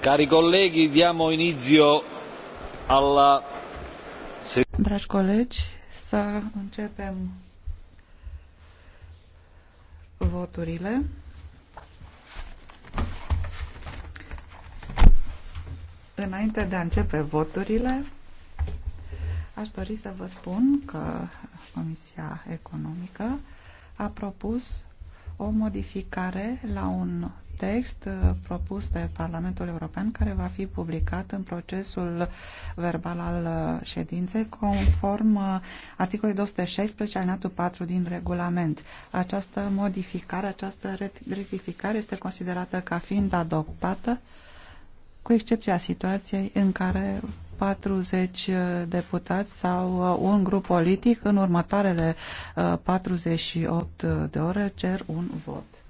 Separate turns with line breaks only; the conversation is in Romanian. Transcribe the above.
Cari colleghi, diamo inizio alla...
Dragi colegi, să începem voturile. Înainte de a începe voturile, aș dori să vă spun că Comisia Economică a propus o modificare la un text uh, propus de Parlamentul European care va fi publicat în procesul verbal al uh, ședinței conform uh, articolului 216 alineatul 4 din regulament. Această modificare, această rectificare este considerată ca fiind adoptată cu excepția situației în care 40 uh, deputați sau uh, un grup politic, în următoarele 48 uh, de ore cer un vot.